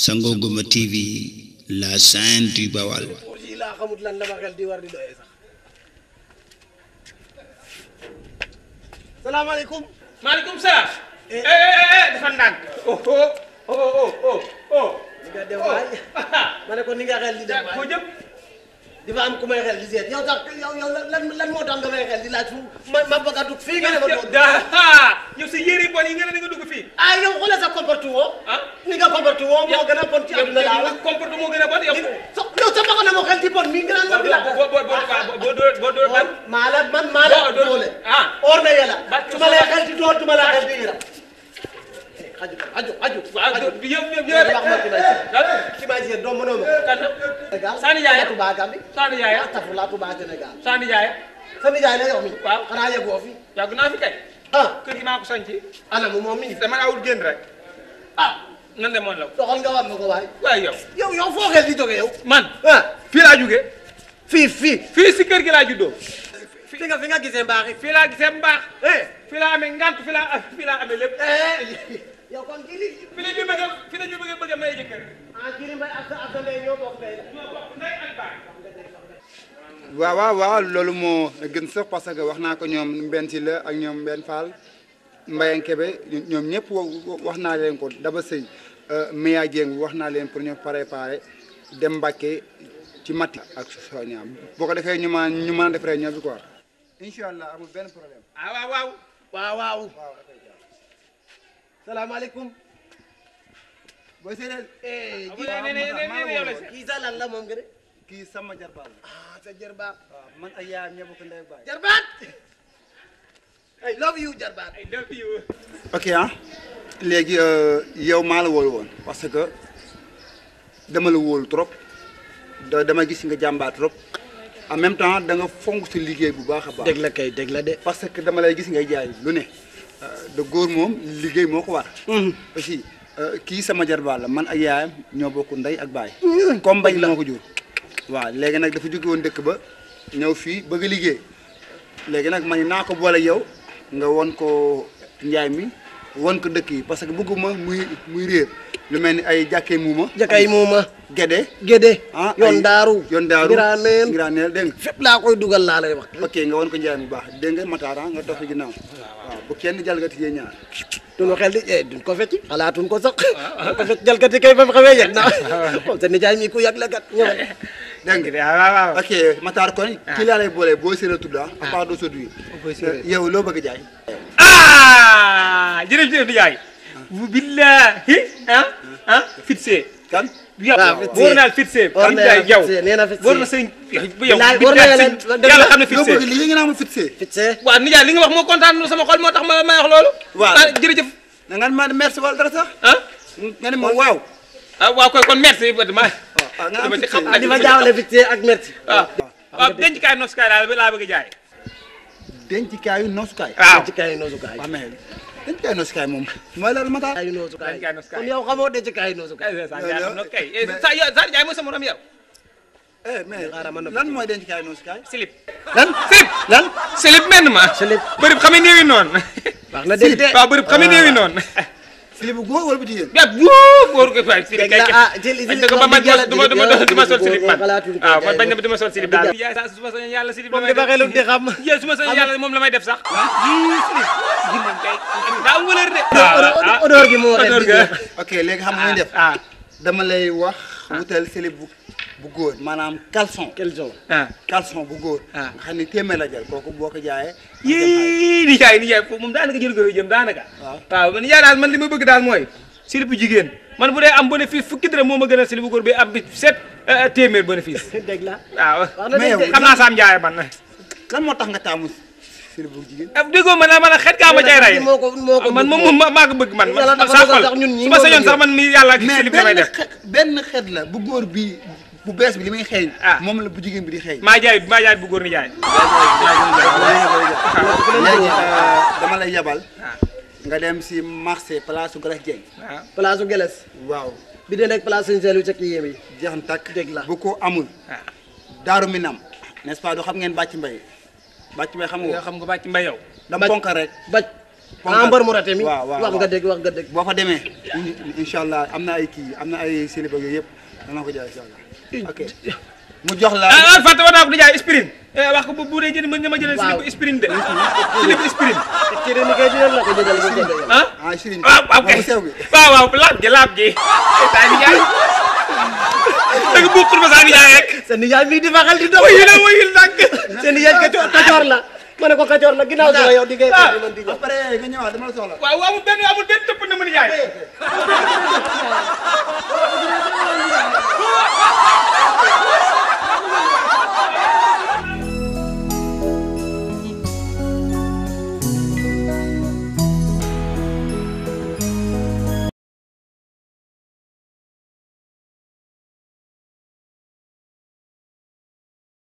Sango Gouma TV la chaîne du Baol salaamaaleykum maaleykum salaam eh eh, eh, eh, eh dafa ndànk oh, oh oh oh oh oh oh ni ma ne ko ni xel di def dafa am ku may xel di seet yow tax yow yow lan lan moo tax nga may xel di laaj fu ma ma bëgg a dugg fii nga ne ma dugg yow sa yére bon yi nga ne da nga dugg fii ah yow xoolal sa comportement ah ni nga comportement moo gën a bon ci àdduna la comportement moo gën a bon yow yow sa baxana moo xel di bon mi nga naan la boo doo man maa la man maa la doole ah or na yàlla su ma lay xel di door su ma lay xel di yëra aju aju aju aju yow yow yow Niger doomu réew mi. Sénégal Sani Ndiaye Touba Gambie. Sani Ndiaye astafurlah Touba Sénégal. Sani Ndiaye. Sani Ndiaye la yow mi. waaw xanaa yegoo fi. yàgg naa fi kay. ah kër gi maa ko sànci. anamu moom mi ngi. dama awul génn ah nan de moon la. doxal nga war na ko waay. waaye yow. yow yow foo xel di jógee yow. man ah fii laa jugee. fii fii. fii si gi laa juddoo. fi nga fi nga gisee mbaax yi. fii laa gisee mbaax. Eh. fii laa amee ngant fii laa amee lépp. Eh. yow waaw waaw waaw loolu moo gën sax parce que wax naa ko ñoom si la ak ñoom Mbène faal Mbaye Kebe ñoom ñëpp wax naa leen ko Daba Sëy euh, Meya Dieng wax naa leen pour ñu préparer dem Mbàkke ci matti ak soña boo ko defee ñu ma ñu mën a defaree ñoom bi quoi. incha allah amul السلام eh, ini بوسينا ايه كي زال الله مام غري كي سما جرباب اه تجرباب من ايام bukan dari باي جربات I love you جربات I love you Oke ya, lagi يو ما wol won. وون باسكو dama la wóolu trop dama gis nga jambat trop en même temps da nga fonk ci liggéey bu baax a baax. dégg la kay deg la de. parce que dama lay gis ngay jaay lu ne. Euh, da góor moom liggéey moo ko war. aussi euh, kii sama jarbaal la man ak yaayam ñoo bokk ndey ak baay. comme bañ la moo ko jur. waaw léegi nag dafa jóge woon dëkk ba ñëw fii bëgg a liggéey léegi nag man naa ko boole yow nga won ko njaay mi. won ko dekk yi parce que bëgguma muy muy réer lu melni ay jàkkee muuma jakkay muuma gédé gédé yon yoon daaru yoon daaru granel ngiraaneel dégg nga fépp koy duggal la lay wax ok nga won ko njaay bu baax dégg nga mataara nga dox ginaaw bu kenn jalgati ye ñaar du lu xel di eh duñ ko fecc xalaatuñ ko sax ko fecc jalgati kay fa xawé yak na ko tan nijaay mi ku yak la gat ñëwal deng nga wa waaw ok mataar kon ki la lay boole boo séeréer tudd pa do sodu d'aujourd'hui ah, yow lo bëgg jaay ah jërëjëf Ndiaye. bu billahi ah ah fitse. kan waaw ah, fitse wóor naa fitse. wóor naa fitse nee na fitse wóor na sëñ. yow yàlla li nga naan ma fitse. fitse kontaan sama xol moo tax ma ma wax loolu. waaw jërëjëf. da nga ma merci wala dara sax. ah nga ne ma waaw. ah kon merci ba ma. waaw ah, ah, nga am fitse li ma jaawale fitse ak merci. waaw waaw denc kaay nos kaay laa bëgg a jaay. dencikaayu noosukaay. waaw dencikaayu noosukaay. waaw mais dencikaayu noosukaay moom mooy loolu ma taa. dencikaayu noosukaay kon yow xamoo dencikaayu noosukaay. loolu eh, eh, eh, yow eh mais lan mooy denc kaay noosu kaay. slip lan slip lan. slip mel ma. slip bërëb xam ne néewi noonu. baax na dégg de waaw bërëb xam sili bu góor wala bu jigéen. yàgg góor ko fay. sili kay kay ah, ba man duma duma duma sol silib man waaw ah, man bañ na duma sol silib daal. yaa su ma sañoon yàlla silib. moom dafa xelul di xam. yaa su ma sañoon yàlla moom la may def sax. Ah, yii silib. man kay daa wëlër de. odeur gi moo. odeur gi ok léegi xam nga ñu def. dama lay wax wutal silib bu bugor, manam maanaam caleçon. caleçon ah, ah. caleçon bu ah. nga xam ne la jël koku boko ko yi di jaay ni jaay foofu moom daanaka jël góor jëm daanaka. waaw waaw man ya dal man limu bëgg dal moy silip jigen man bu dee am bénéfice fukki dara moma gëna gën a bi abbi set euh, euh, téeméer bénéfice. dégg la waaw xamna sam jaay man. lan moo tax nga taamu. sërëbu jigen ah déggoo man ah man xet gaa ma cay rey moo ko moo ko ah, ko bëgg man. man sax man su ma sañoon sax man mi yàlla ak. sërëbu damay def xet la bu bu bes bi limay xey ah. mom la bu jigen bi di xey ma jaay ma jaay bu gorni jaay. Ah. Euh, dama lay yabal. Ah. nga dem si marché place su Gelas Dieng. place su Gelas. waaw bi de nek place suñu seelu ca kii yéem yi. jeex na la bu ko amul. daru minam nest pas do xam ngeen bàcc mbay. bàcc mbay xam nga xam nga bàcc mbay yow. dama ponk rek bàcc. ponk mbar mu rate mi wax nga dégg wax nga dégg. boo fa demee. incha allah ay kii am ay célibat yooyu yëpp ko jaay incha mu jox la ah, ah fàtte woon naa ko di jaay aspirine eh, wax ko bu bu dee jënd mën nga ma jëlee silibu aspirine de silibu aspirine ah? Ah, aspirine ni waaw waaw waaw laab gi laab gi saa di jaay da nga buuxul ma saa di jaay rek sa nijaay mii di faxal di dox wayu la wayu nag sa nijaay kacoor la ma ne ko kacoor la ginnaaw si la yow di ngay man di ñëw après nga ñëwaat dama waaw amul benn amul benn tëpp na ma